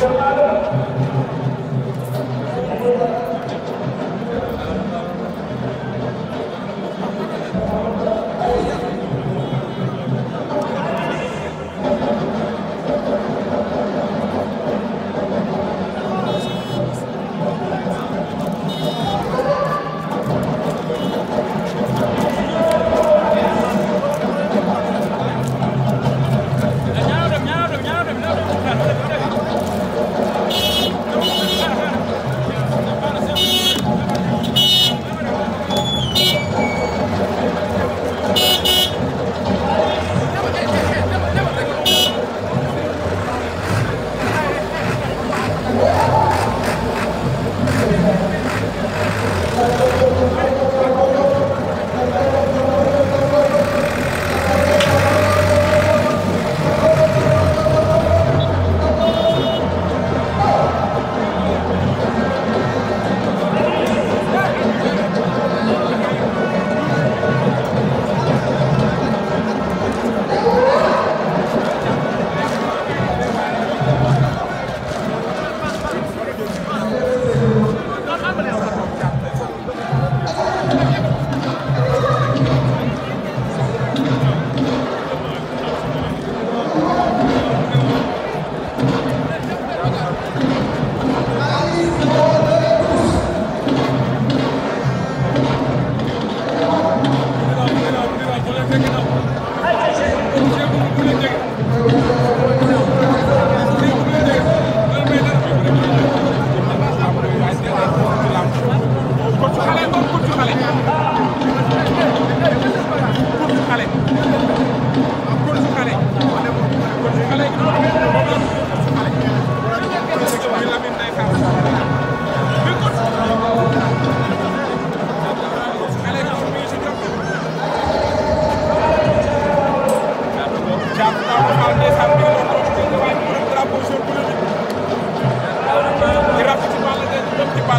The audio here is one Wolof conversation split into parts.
Thank you.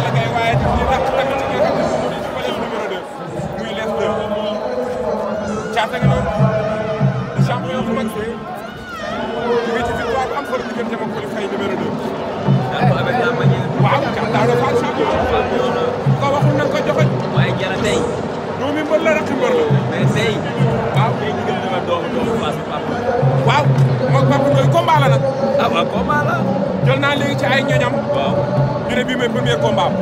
Balla waaye di dàq tamit ci nga xam ne moom mooy Palees numéro 2 muy les deux caata nga noonu le champion bu mag bi jóge ci victoire bu am solo caata daal dafa am champion. waaye jara tey. doomi mbër rakki mbër la. mais tey. waaw tey ñu gën doomu doomu Fass Papa. waaw moom Papa Ndoye combat la nag. ah waaw combat la. jël naa léegi ci ñoñam. waaw. ñu ne bii mooy premier combat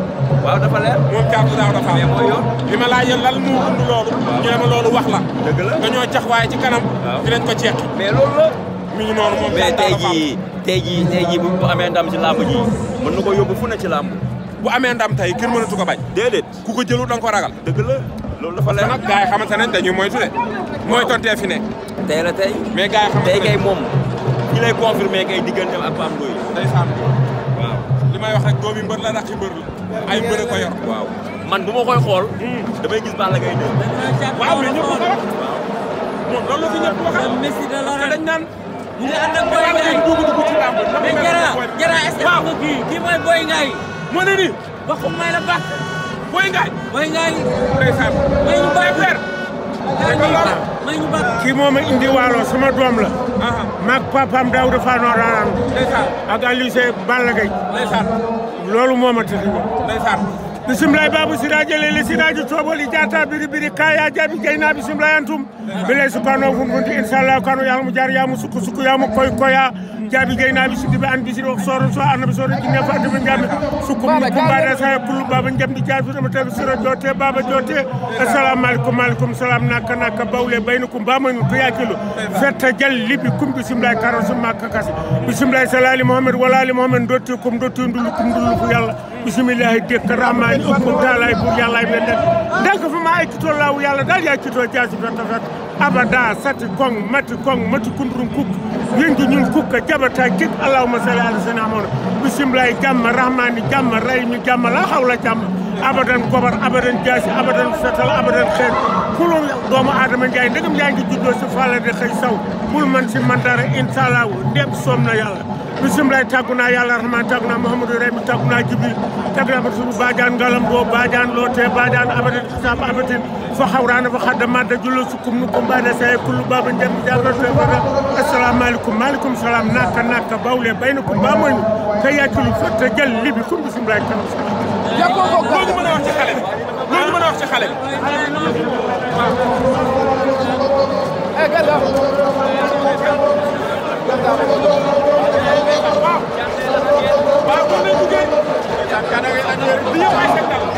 waaw dafa leer moom Thiatou li ma laajoon lan moo wund loolu ñu ma loolu la dëgg la dañoo cax ci kanam dinañ ko ceeqi mais loolu la mi ngi noonu moom mais tey jii tey jii tey jii bu amee ndam ci làmb ji mën na ko yóbbu fu ne ci làmb bu amee ndam tey kenn mënatu ko bañ déedéet ku ko jëlu da nga ko ragal dëgg la loolu dafa leer nag gars yi xamante nañ dañuy moytu de mooy tontee fi ne tey la tey mais gars yi xamante tey kay moom ñi lay confirmer kay digganteem ak Pape Ndoye may wax rek doomi mbër la ràqi mbër la ay mbër a ko yor waaw man bu ma koy xool damay gis Balla Gaye ñëw waaw mais ñëpp ko wax moom loolu la fi ñëpp wax Messi de la dañ naan ñu ngi ànd ak Boy Ngaye dugg ci làmb kii moom a indi waalo sama doom la. maag papaam daaw dafa a raaraan. ak Aliou Seye Balla Gaye. loolu moom a tëdd moom. bisimilayi babu siraji lele siraji tobol ijata biri biri kaya jabi gayna bisimilayi antum bilay subhanahu wa kanu yamu jar yamu suku jaabi gaynaaɓe siddiɓe an bisiri o soro so annaɓe soro jinne fa andaɓe ganda sukkumni kumbaɗa sa pullu baba jamdi jasudema tawi soro jote baba jote assalamu aleykum maaleykum salam nakka nakka bawle bayno ko mbamanu fetta dial liɓi kum bisimilay karasumma kakase bisimilay salali mohamed walali mohamed dotti kom dotti ndullu kum ndullu fo yallah bisimillahi dekka ramani okkum taala e pour yallah e men ɗen ndenka foma ekkito lawu yallah dal yakkito jasi fetta fetta abada sati gong mati gong mati kundrum kuk yengi ñun kukka jabata kik allahumma salli ala sayyidina muhammad bismillahi jamma rahmani jamma raymi jamma la hawla jamma abadan gobar abadan jaasi abadan fetal abadan xeer kulum doomu aadama njaay ndegam yaa ngi juddoo si fàlla de saw bul man si mandara inshallah ndem soom na yàlla bisimilah tàggu naa yàlla rahman tàggu naa Mouhamadou Remi tàggu naa Jibril Loote Badiane Abadan Xisaab Abadan fa xawraana fa xadda madda jullo sukkum nu ko mbaada saye kullu baba jam jallatoe baga asalaamaaleykum maaleykum salaam naka bawle bay na ko mbaa mooy nu te yàcculu fatta jël libi kum bisimilah Dia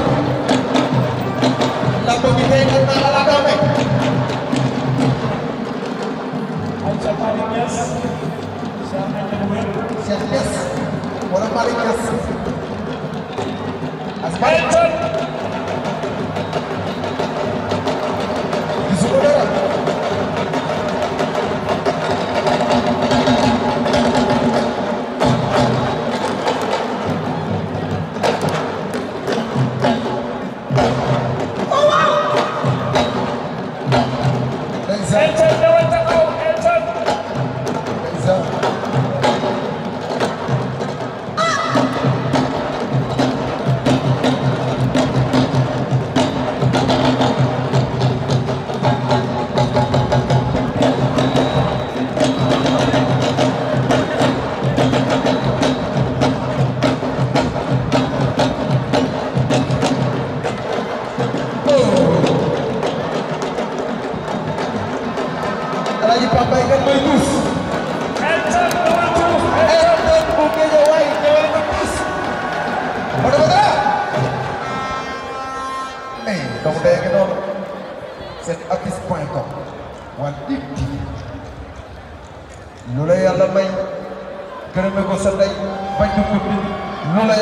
Aïcha Malick Niass Cheikh Ahmed Wér Cheikh Niass wala Malick Niass ay donc day nga noonu seen affiche point com wala Dik TV la yàlla may gërëme ko sa ndey bañ ko guddi la may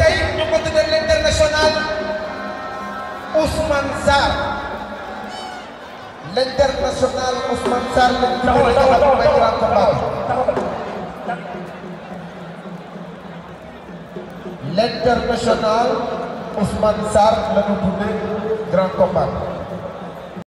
tey ñu ko tuddee l'international Ousmane Sarr l'international Ousmane Sarr lañ tuddee taxaw may grand combat